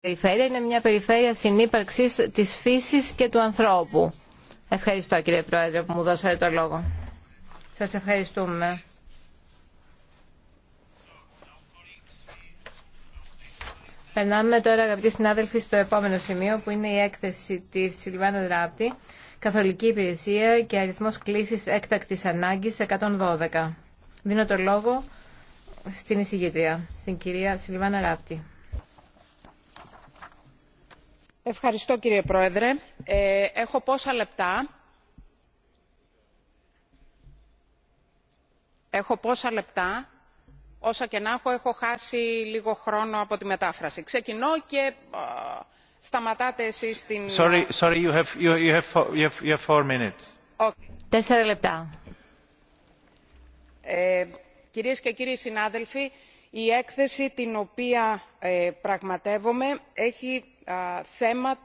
περιφέρεια είναι μια περιφέρεια συνύπαρξης της φύσης και του ανθρώπου. Ευχαριστώ κύριε Πρόεδρε που μου δώσατε το λόγο. Σας ευχαριστούμε. Περνάμε τώρα αγαπητοί συνάδελφοι στο επόμενο σημείο που είναι η έκθεση της Σιλβάνα Δράπτη Καθολική Υπηρεσία και αριθμός κλήσης έκτακτης ανάγκης 112. Δίνω το λόγο στην εισηγήτρια, στην κυρία Σιλβάνα Ράπτη. Ευχαριστώ κύριε Πρόεδρε. Ε, έχω πόσα λεπτά. Έχω πόσα λεπτά. Όσα και να έχω, έχω χάσει λίγο χρόνο από τη μετάφραση. Ξεκινώ και σταματάτε εσείς την... Sorry, sorry, you have, you, have, you have, minutes. Τέσσερα λεπτά. Ε, κυρίες και κύριοι συνάδελφοι, η έκθεση την οποία ε, πραγματεύομαι έχει θέμα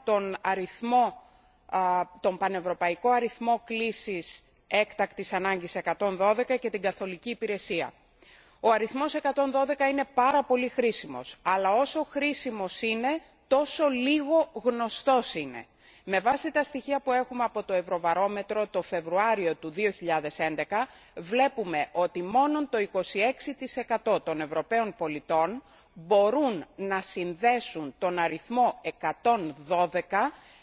τον πανευρωπαϊκό αριθμό κλήσης έκτακτης ανάγκης 112 και την καθολική υπηρεσία. Ο αριθμός 112 είναι πάρα πολύ χρήσιμος, αλλά όσο χρήσιμος είναι τόσο λίγο γνωστός είναι με βάση τα στοιχεία που έχουμε από το ευρωβαρόμετρο το φεβρουάριο του 2011 βλέπουμε ότι μόνο το 26% των ευρωπαίων πολιτών μπορούν να συνδέσουν τον αριθμό 112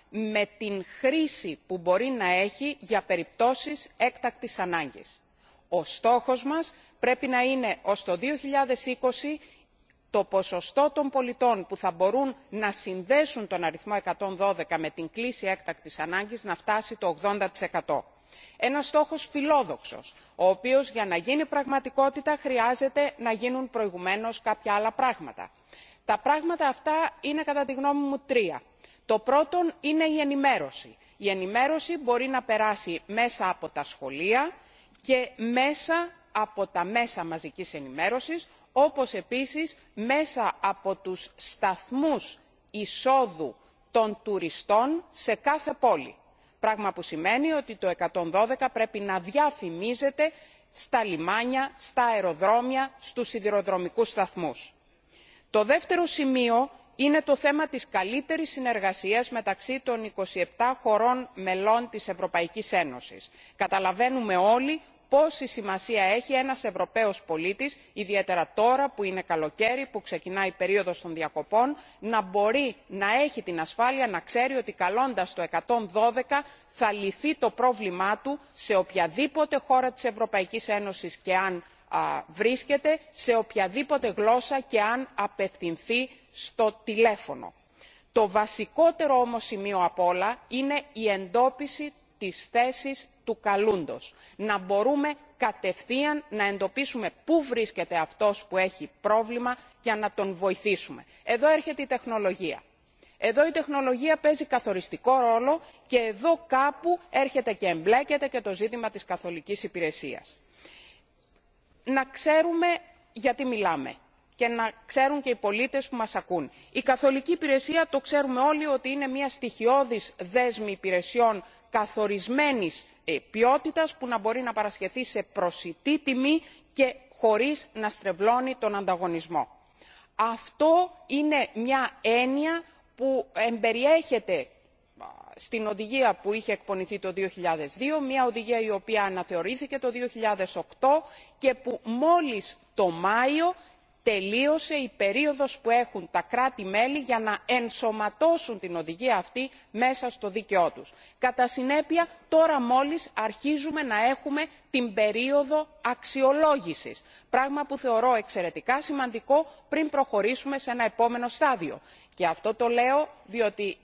με την χρήση που μπορεί να έχει για περιπτώσεις έκτακτης ανάγκης. ο στόχος μας πρέπει να είναι ως το δύο το ποσοστό των πολιτών που θα μπορούν να συνδέσουν τον αριθμό 112 με την κλίση έκτακτης ανάγκης να φτάσει το 80%. Ένας στόχος φιλόδοξος, ο οποίος για να γίνει πραγματικότητα χρειάζεται να γίνουν προηγουμένως κάποια άλλα πράγματα. Τα πράγματα αυτά είναι κατά τη γνώμη μου τρία. Το πρώτο είναι η ενημέρωση. Η ενημέρωση μπορεί να περάσει μέσα από τα σχολεία και μέσα από τα μέσα μαζικής ενημέρωσης όπως επίσης μέσα από τους σταθμούς εισόδου των τουριστών σε κάθε πόλη πράγμα που σημαίνει ότι το 112 πρέπει να διαφημίζεται στα λιμάνια στα αεροδρόμια στους σιδηροδρομικούς σταθμούς. το δεύτερο σημείο είναι το θέμα της καλύτερης συνεργασίας μεταξύ των 27 χωρών μελών της ευρωπαϊκής ένωσης. καταλαβαίνουμε όλοι πόση σημασία έχει ένας ευρωπαίος πολίτης ιδιαίτερα τώρα που είναι καλοκαίρι που ξεκινάει η περίοδος των διακοπών να μπορεί να έχει την ασφάλεια να ξέρει ότι καλώντας το 112 θα λυθεί το πρόβλημά του σε οποιαδήποτε χώρα της ευρωπαϊκής ένωσης και αν βρίσκεται σε οποιαδήποτε γλώσσα και αν απευθυνθεί στο τηλέφωνο. το βασικότερο όμως σημείο απ' όλα είναι η εντόπιση της θέσης του καλούντος να μπορούμε κατευθείαν να εντοπίσουμε πού βρίσκεται αυτός που έχει πρόβλημα και να τον βοηθήσουμε. εδώ έρχεται η τεχνολογία. εδώ η τεχνολογία παίζει καθοριστικό ρόλο και εδώ κάπου έρχεται και εμπλέκεται και το ζήτημα της καθολικής υπηρεσίας. να ξέρουμε γιατί μιλάμε και να ξέρουν και οι πολίτες που μας ακούν. η καθολική υπηρεσία το ξέρουμε όλοι ότι είναι μια στοιχειώδης δέσμη υπηρεσιών καθορισμένης ε, ποιότητας που να μπορεί να παρασχεθεί σε προσιτή τιμή και χωρίς να στρεβλώνει τον ανταγωνισμό. αυτό είναι μια έννοια που εμπεριέχεται στην οδηγία που είχε εκπονηθεί το 2002, μια οδηγία η οποία αναθεωρήθηκε το 2008 και που μόλις το Μάιο τελείωσε η περίοδος που έχουν τα κράτη μέλη για να ενσωματώσουν την οδηγία αυτή μέσα στο δίκαιό τους. κατά συνέπεια τώρα μόλις αρχίζουμε να έχουμε την περίοδο αξιολόγησης πράγμα που θεωρώ εξαιρετικά σημαντικό πριν προχωρήσουμε σε ένα επόμενο στάδιο. και αυτό το λέω διότι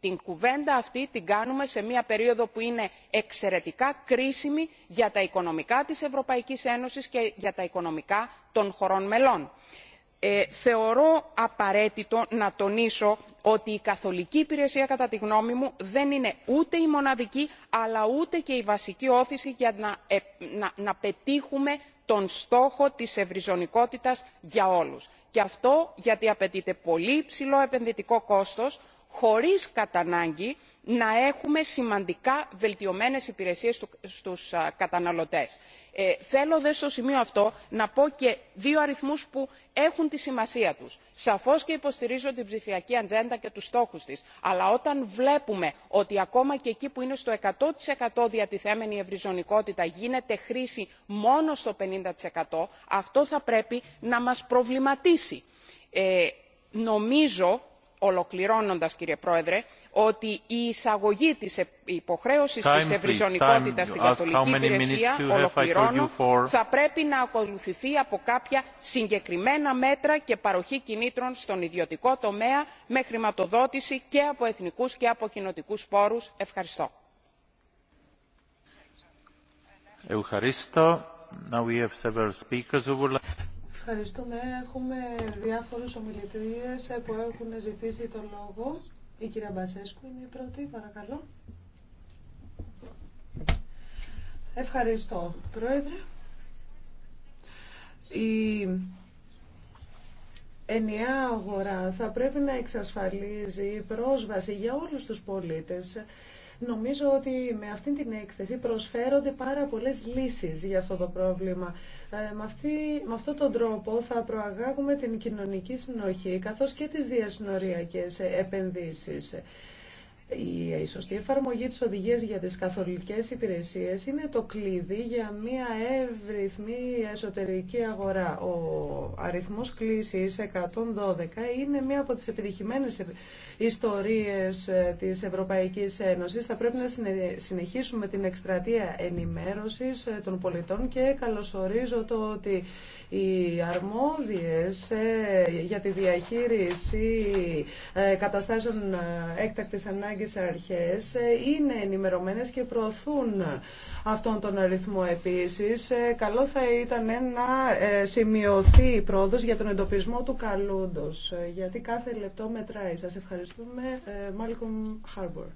την κουβέντα αυτή την κάνουμε σε μια περίοδο που είναι εξαιρετικά κρίσιμη για τα οικονομικά της ευρωπαϊκής ένωσης και για τα οικονομικά των χωρών μελών. Ε, θεωρώ απαραίτητο να τονίσω ότι η καθολική υπηρεσία κατά τη γνώμη μου δεν είναι ούτε η μοναδική αλλά ούτε και η βασική όθηση για να, ε, πετύχουμε τον στόχο της ευρυζωνικότητας για όλους. και αυτό γιατί απαιτείται πολύ υψηλό επενδυτικό κόστος χωρίς κατά ανάγκη να έχουμε σημαντικά βελτιωμένες υπηρεσίες στους καταναλωτές. Ε, θέλω δε στο σημείο αυτό να πω και δύο αριθμούς που έχουν τη σημασία τους. Σαφώς και υποστηρίζω την ψηφιακή ατζέντα και τους στόχους της, αλλά όταν βλέπουμε ότι ακόμα και εκεί που είναι στο 100% διατιθέμενη ευρυζωνικότητα γίνεται χρήση μόνο στο 50%, αυτό θα πρέπει να μας προβληματίσει. Ε, νομίζω ολοκληρώνοντας κύριε πρόεδρε ότι η εισαγωγή της υποχρέωσης της ευρυζωνικότητας στην καθολική υπηρεσία θα πρέπει να ακολουθηθεί από κάποια συγκεκριμένα μέτρα και παροχή κινήτρων στον ιδιωτικό τομέα με χρηματοδότηση και από εθνικούς και από κοινοτικούς πόρους. ευχαριστώ. Ευχαριστούμε. Έχουμε διάφορους ομιλητρίες που έχουν ζητήσει το λόγο. Η κυρία Μπασέσκου είναι η πρώτη, παρακαλώ. Ευχαριστώ, Πρόεδρε. Η ενιαία αγορά θα πρέπει να εξασφαλίζει πρόσβαση για όλους τους πολίτες Νομίζω ότι με αυτή την έκθεση προσφέρονται πάρα πολλές λύσεις για αυτό το πρόβλημα. Ε, με, αυτή, με αυτόν τον τρόπο θα προαγάγουμε την κοινωνική συνοχή καθώς και τις διασυνοριακές επενδύσεις. Η σωστή εφαρμογή της οδηγίας για τις καθολικές υπηρεσίες είναι το κλειδί για μια εύρυθμη εσωτερική αγορά. Ο αριθμός κλήσης 112 είναι μια από τις επιτυχημένες ιστορίες ε, της Ευρωπαϊκής Ένωσης. Θα πρέπει να συνεχίσουμε την εκστρατεία ενημέρωσης ε, των πολιτών και καλωσορίζω το ότι οι αρμόδιες ε, για τη διαχείριση καταστάσεων έκτακτης ανάγκης ανάγκες αρχές ε, είναι ενημερωμένες και προωθούν αυτόν τον αριθμό επίσης. Ε, καλό θα ήταν ε, να σημειωθεί η πρόοδος για τον εντοπισμό του καλούντος, γιατί κάθε λεπτό μετράει. Σας ευχαριστούμε, Μάλικομ Χάρμπορ.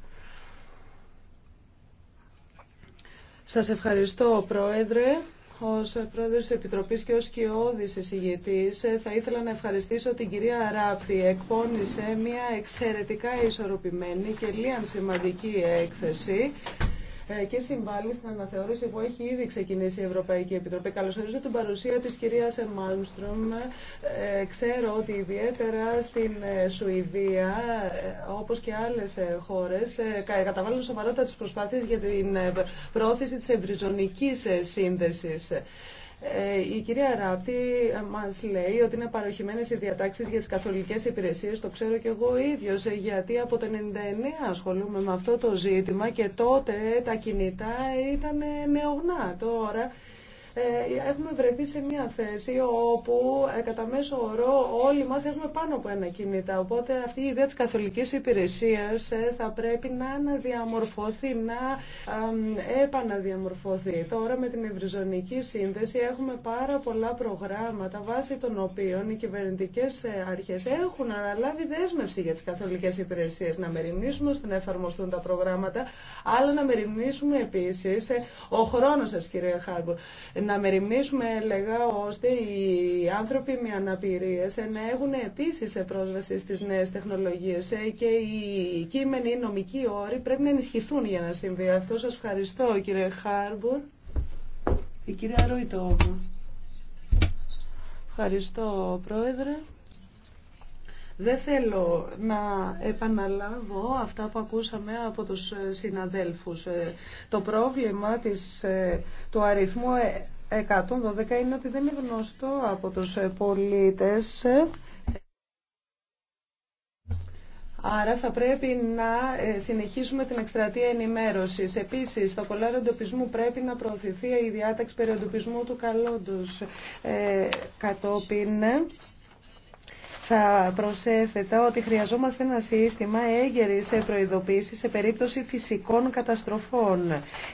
Σας ευχαριστώ, Πρόεδρε ως πρόεδρος της Επιτροπής και ως κοιόδης εισηγητής ε, θα ήθελα να ευχαριστήσω την κυρία Ράπτη. Εκπώνησε μια εξαιρετικά ισορροπημένη και λίαν σημαντική έκθεση ε, και συμβάλλει στην αναθεώρηση που έχει ήδη ξεκινήσει η Ευρωπαϊκή Επιτροπή. Καλωσορίζω την παρουσία της κυρίας Μάλμστρομ. Ε, ξέρω ότι ιδιαίτερα στην ε, Σουηδία, όπως και άλλες χώρες, καταβάλλουν τις προσπάθειες για την πρόθεση της ευρυζωνικής σύνδεσης. Ε, η κυρία Ράπτη ε, μας λέει ότι είναι παροχημένες οι διατάξει για τις καθολικές υπηρεσίες, το ξέρω κι εγώ ίδιος, ε, γιατί από το 99 ασχολούμαι με αυτό το ζήτημα και τότε τα κινητά ήταν νεογνά. Τώρα ε, έχουμε βρεθεί σε μια θέση όπου ε, κατά μέσο όρο όλοι μας έχουμε πάνω από ένα κινητά. Οπότε αυτή η ιδέα της καθολικής υπηρεσίας ε, θα πρέπει να αναδιαμορφωθεί, να επαναδιαμορφωθεί. Τώρα με την ευρυζωνική σύνδεση έχουμε πάρα πολλά προγράμματα βάσει των οποίων οι κυβερνητικές αρχές έχουν αναλάβει δέσμευση για τις καθολικές υπηρεσίες. Να μεριμνήσουμε ώστε να εφαρμοστούν τα προγράμματα, αλλά να μεριμνήσουμε επίσης ο χρόνος σας κύριε Χάρμπορ να μεριμνήσουμε, έλεγα, ώστε οι άνθρωποι με αναπηρίες να έχουν επίσης πρόσβαση στις νέες τεχνολογίες ε, και οι κείμενοι, οι νομικοί όροι πρέπει να ενισχυθούν για να συμβεί αυτό. Σας ευχαριστώ, κύριε Χάρμπορ. Η κυρία Ρουιτόβου. Ευχαριστώ, Πρόεδρε. Δεν θέλω να επαναλάβω αυτά που ακούσαμε από τους συναδέλφους. Ε, το πρόβλημα της, ε, του αριθμού 112 είναι ότι δεν είναι γνωστό από τους πολίτες. Άρα θα πρέπει να ε, συνεχίσουμε την εκστρατεία ενημέρωσης. Επίσης, στο κολάριο εντοπισμού πρέπει να προωθηθεί η διάταξη περιοντοπισμού του καλόντος ε, κατόπιν θα προσέθετα ότι χρειαζόμαστε ένα σύστημα έγκαιρης προειδοποίησης σε περίπτωση φυσικών καταστροφών.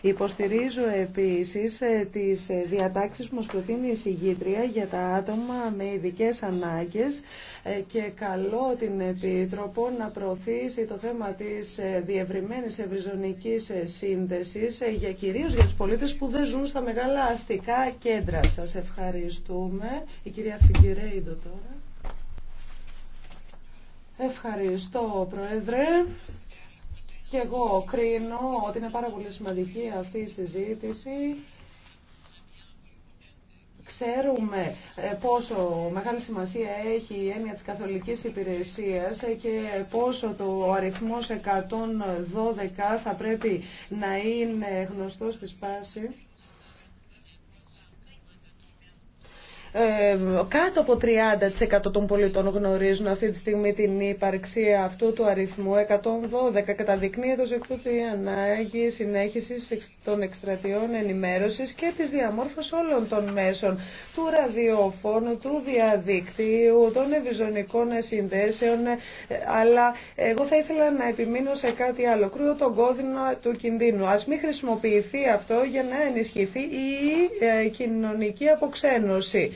Υποστηρίζω επίσης ε, τις διατάξεις που μας προτείνει η συγγήτρια για τα άτομα με ειδικές ανάγκες ε, και καλό την Επίτροπο να προωθήσει το θέμα της ε, διευρυμένης ευρυζωνικής σύνδεσης για κυρίως για τους πολίτες που δεν ζουν στα μεγάλα αστικά κέντρα. Σας ευχαριστούμε. Η κυρία Φιγκυρέιντο τώρα. Ευχαριστώ, Πρόεδρε. Και εγώ κρίνω ότι είναι πάρα πολύ σημαντική αυτή η συζήτηση. Ξέρουμε ε, πόσο μεγάλη σημασία έχει η έννοια της καθολικής υπηρεσίας και πόσο το αριθμός 112 θα πρέπει να είναι γνωστό στη σπάση. Ε, κάτω από 30% των πολιτών γνωρίζουν αυτή τη στιγμή την ύπαρξη αυτού του αριθμού 112. Καταδεικνύεται ως εκ τούτου η ανάγκη συνέχισης των εκστρατιών ενημέρωσης και της διαμόρφωσης όλων των μέσων του ραδιοφώνου, του διαδικτύου, των ευηζωνικών συνδέσεων, ε, αλλά εγώ θα ήθελα να επιμείνω σε κάτι άλλο. κρύο τον κόδινο του κινδύνου. Ας μην χρησιμοποιηθεί αυτό για να ενισχυθεί η ε, κοινωνική αποξένωση.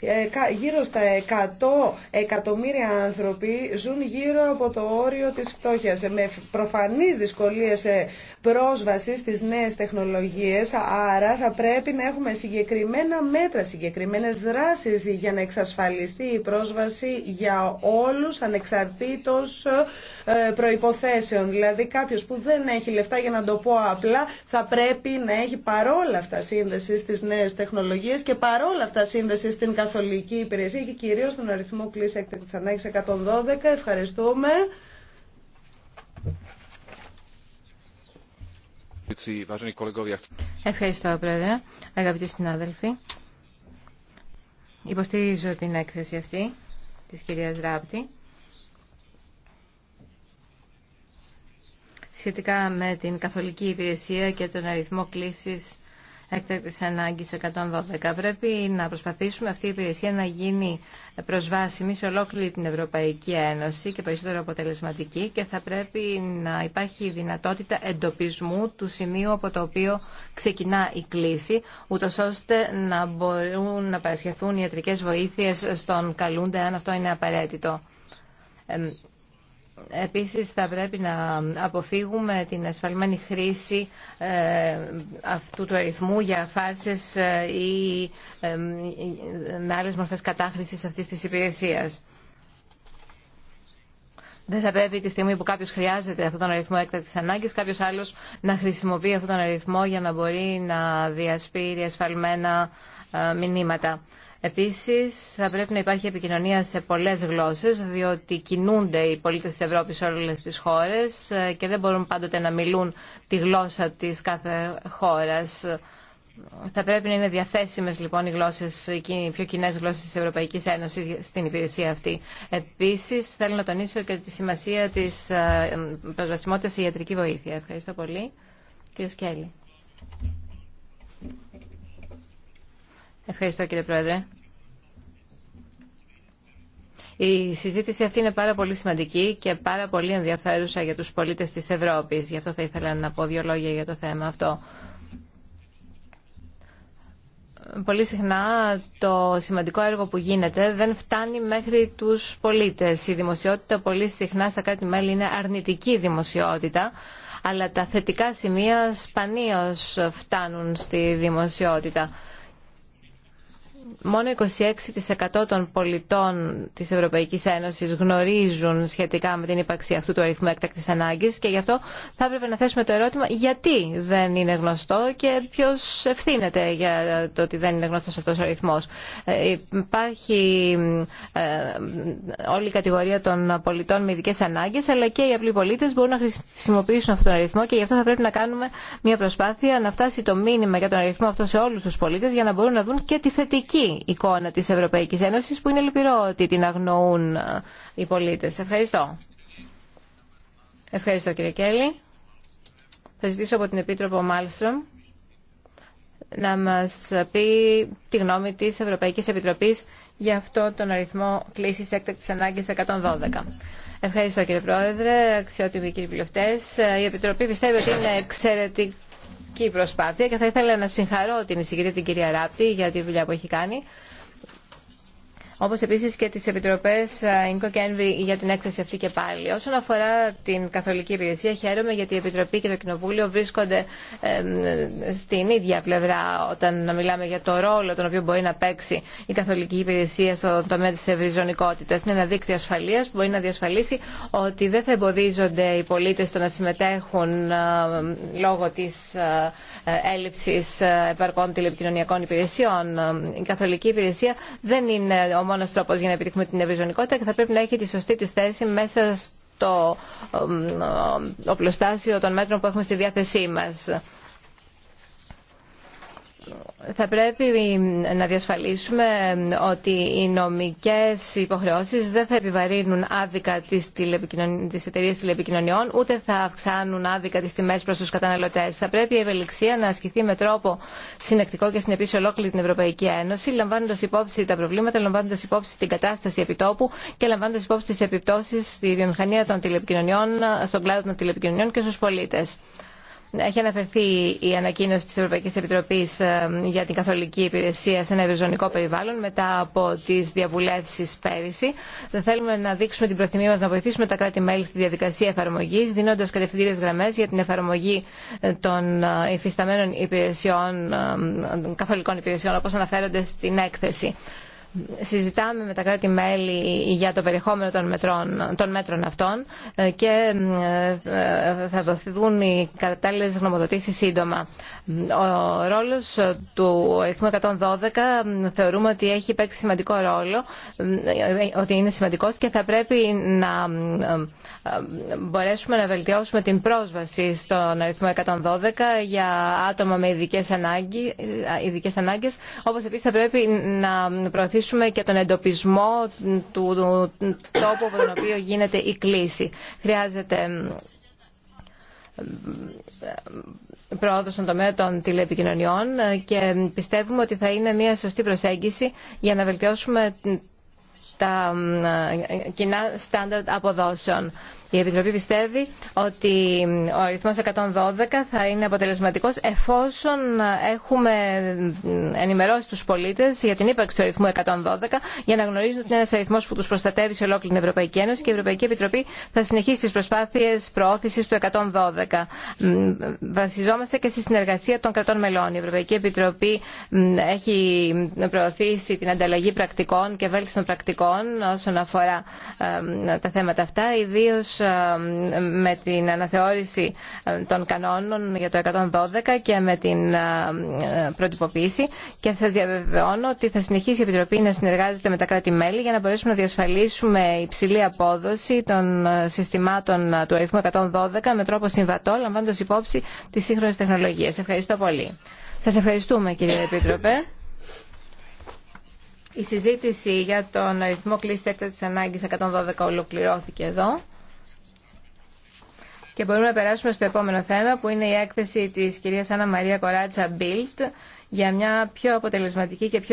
Ε, γύρω στα 100 εκατομμύρια άνθρωποι ζουν γύρω από το όριο της φτώχειας ε, με προφανείς δυσκολίες ε, πρόσβαση στις νέες τεχνολογίες άρα θα πρέπει να έχουμε συγκεκριμένα μέτρα, συγκεκριμένες δράσεις για να εξασφαλιστεί η πρόσβαση για όλους ανεξαρτήτως προϋποθέσεων. Δηλαδή κάποιος που δεν έχει λεφτά για να το πω απλά θα πρέπει να έχει παρόλα αυτά σύνδεση στις νέες τεχνολογίες και παρόλα αυτά σύνδεση στην καθολική υπηρεσία και κυρίως τον αριθμό κλίση έκτακτης ανάγκης 112. Ευχαριστούμε. Ευχαριστώ, Πρόεδρε. Αγαπητοί συνάδελφοι, υποστηρίζω την έκθεση αυτή της κυρίας Ράπτη σχετικά με την καθολική υπηρεσία και τον αριθμό κλήσης έκτακτη ανάγκη 112. Πρέπει να προσπαθήσουμε αυτή η υπηρεσία να γίνει προσβάσιμη σε ολόκληρη την Ευρωπαϊκή Ένωση και περισσότερο αποτελεσματική και θα πρέπει να υπάρχει δυνατότητα εντοπισμού του σημείου από το οποίο ξεκινά η κλίση, ούτω ώστε να μπορούν να παρασχεθούν ιατρικές βοήθειε στον καλούνται αν αυτό είναι απαραίτητο Επίσης θα πρέπει να αποφύγουμε την ασφαλμένη χρήση ε, αυτού του αριθμού για φάρσες ε, ή ε, με άλλες μορφές κατάχρησης αυτής της υπηρεσίας. Δεν θα πρέπει τη στιγμή που κάποιος χρειάζεται αυτόν τον αριθμό έκτακτη ανάγκη, κάποιος άλλος να χρησιμοποιεί αυτόν τον αριθμό για να μπορεί να διασπείρει ασφαλμένα μηνύματα. Επίσης, θα πρέπει να υπάρχει επικοινωνία σε πολλές γλώσσες, διότι κινούνται οι πολίτες της Ευρώπης σε όλες τις χώρες ε, και δεν μπορούν πάντοτε να μιλούν τη γλώσσα της κάθε χώρας. Θα πρέπει να είναι διαθέσιμες, λοιπόν οι γλώσσες, οι πιο κοινέ γλώσσες της Ευρωπαϊκής Ένωσης στην υπηρεσία αυτή. Επίση, θέλω να τονίσω και τη σημασία της ε, προσβασιμότητας σε ιατρική βοήθεια. Ευχαριστώ πολύ. Κύριο Σκέλη. Ευχαριστώ κύριε Πρόεδρε. Η συζήτηση αυτή είναι πάρα πολύ σημαντική και πάρα πολύ ενδιαφέρουσα για τους πολίτες της Ευρώπης. Γι' αυτό θα ήθελα να πω δύο λόγια για το θέμα αυτό. Πολύ συχνά το σημαντικό έργο που γίνεται δεν φτάνει μέχρι τους πολίτες. Η δημοσιότητα πολύ συχνά στα κάτι μελη είναι αρνητική δημοσιότητα, αλλά τα θετικά σημεία σπανίως φτάνουν στη δημοσιότητα μόνο 26% των πολιτών της Ευρωπαϊκής Ένωσης γνωρίζουν σχετικά με την ύπαρξη αυτού του αριθμού έκτακτης ανάγκης και γι' αυτό θα έπρεπε να θέσουμε το ερώτημα γιατί δεν είναι γνωστό και ποιος ευθύνεται για το ότι δεν είναι γνωστός αυτός ο αριθμός. Ε, υπάρχει ε, όλη η κατηγορία των πολιτών με ειδικέ ανάγκες αλλά και οι απλοί πολίτες μπορούν να χρησιμοποιήσουν αυτόν τον αριθμό και γι' αυτό θα πρέπει να κάνουμε μια προσπάθεια να φτάσει το μήνυμα για τον αριθμό αυτό σε όλους τους πολίτες για να μπορούν να δουν και τη θετική θετική εικόνα της Ευρωπαϊκής Ένωσης που είναι λυπηρό ότι την αγνοούν ε, οι πολίτες. Ευχαριστώ. Ευχαριστώ κύριε Κέλλη. Θα ζητήσω από την Επίτροπο Μάλστρομ να μας πει τη γνώμη της Ευρωπαϊκής Επιτροπής για αυτό τον αριθμό κλήσης έκτακτης ανάγκης 112. Ευχαριστώ κύριε Πρόεδρε, αξιότιμοι κύριοι βουλευτέ. Η Επιτροπή πιστεύει ότι είναι εξαιρετική προσπάθεια και θα ήθελα να συγχαρώ την εισηγητή την κυρία Ράπτη για τη δουλειά που έχει κάνει όπως επίσης και τις Επιτροπές ΙΝΚΟ ε, και για την έκθεση αυτή και πάλι. Όσον αφορά την Καθολική Υπηρεσία, χαίρομαι γιατί η Επιτροπή και το Κοινοβούλιο βρίσκονται ε, στην ίδια πλευρά όταν μιλάμε για το ρόλο τον οποίο μπορεί να παίξει η Καθολική Υπηρεσία στον τομέα της ευρυζωνικότητας. Είναι ένα δίκτυο ασφαλείας που μπορεί να διασφαλίσει ότι δεν θα εμποδίζονται οι πολίτες στο να συμμετέχουν ε, λόγω της έλλειψης επαρκών τηλεπικοινωνιακών υπηρεσιών. Η Καθολική Υπηρεσία δεν είναι μόνο τρόπο για να επιτύχουμε την ευρυζωνικότητα και θα πρέπει να έχει τη σωστή τη θέση μέσα στο οπλοστάσιο των μέτρων που έχουμε στη διάθεσή μας. Θα πρέπει να διασφαλίσουμε ότι οι νομικές υποχρεώσεις δεν θα επιβαρύνουν άδικα τις, τηλεπικοινων... τηλεπικοινωνιών, ούτε θα αυξάνουν άδικα τις τιμές προς τους καταναλωτές. Θα πρέπει η ευελιξία να ασκηθεί με τρόπο συνεκτικό και συνεπή σε ολόκληρη την Ευρωπαϊκή Ένωση, λαμβάνοντας υπόψη τα προβλήματα, λαμβάνοντας υπόψη την κατάσταση επιτόπου και λαμβάνοντας υπόψη τις επιπτώσεις στη βιομηχανία των τηλεπικοινωνιών, στον κλάδο των τηλεπικοινωνιών και στους πολίτες. Έχει αναφερθεί η ανακοίνωση της Ευρωπαϊκής Επιτροπής ε, για την Καθολική Υπηρεσία σε ένα ευρυζωνικό περιβάλλον μετά από τις διαβουλεύσεις πέρυσι. Θέλουμε να δείξουμε την προθυμία μας να βοηθήσουμε τα κράτη-μέλη στη διαδικασία εφαρμογής, δίνοντας κατευθυντήριες γραμμές για την εφαρμογή ε, των ε, υφισταμένων υπηρεσιών, καθολικών υπηρεσιών, όπως αναφέρονται στην έκθεση συζητάμε με τα κράτη-μέλη για το περιεχόμενο των, μετρών, των μέτρων αυτών ε, και ε, θα δοθούν οι κατάλληλε γνωμοδοτήσεις σύντομα. Ο ρόλος του αριθμού 112 θεωρούμε ότι έχει παίξει σημαντικό ρόλο, ε, ότι είναι σημαντικός και θα πρέπει να μπορέσουμε να βελτιώσουμε την πρόσβαση στον αριθμό 112 για άτομα με ειδικέ ανάγκε. ειδικές ανάγκες θα πρέπει να προωθήσουμε και τον εντοπισμό του τόπου από τον οποίο γίνεται η κλίση. Χρειάζεται πρόοδο στον τομέα των τηλεπικοινωνιών και πιστεύουμε ότι θα είναι μια σωστή προσέγγιση για να βελτιώσουμε τα κοινά στάνταρτ αποδόσεων. Η Επιτροπή πιστεύει ότι ο αριθμός 112 θα είναι αποτελεσματικός εφόσον έχουμε ενημερώσει τους πολίτες για την ύπαρξη του αριθμού 112 για να γνωρίζουν ότι είναι ένας αριθμός που τους προστατεύει σε ολόκληρη την Ευρωπαϊκή Ένωση και η Ευρωπαϊκή Επιτροπή θα συνεχίσει τις προσπάθειες προώθησης του 112. Βασιζόμαστε και στη συνεργασία των κρατών μελών. Η Ευρωπαϊκή Επιτροπή έχει προωθήσει την ανταλλαγή πρακτικών και βέλτιστων πρακτικών όσον αφορά ε, τα θέματα αυτά, ιδίως με την αναθεώρηση των κανόνων για το 112 και με την ε, προτυποποίηση και σας διαβεβαιώνω ότι θα συνεχίσει η Επιτροπή να συνεργάζεται με τα κράτη-μέλη για να μπορέσουμε να διασφαλίσουμε υψηλή απόδοση των ε, συστημάτων του αριθμού 112 με τρόπο συμβατό λαμβάνοντας υπόψη τις σύγχρονες τεχνολογίες. Ευχαριστώ πολύ. Σας ευχαριστούμε κύριε Επίτροπε. Η συζήτηση για τον αριθμό κλίση έκτατης ανάγκης 112 ολοκληρώθηκε εδώ. Και μπορούμε να περάσουμε στο επόμενο θέμα που είναι η έκθεση της κυρίας Άννα Μαρία Κοράτσα Μπίλτ για μια πιο αποτελεσματική και πιο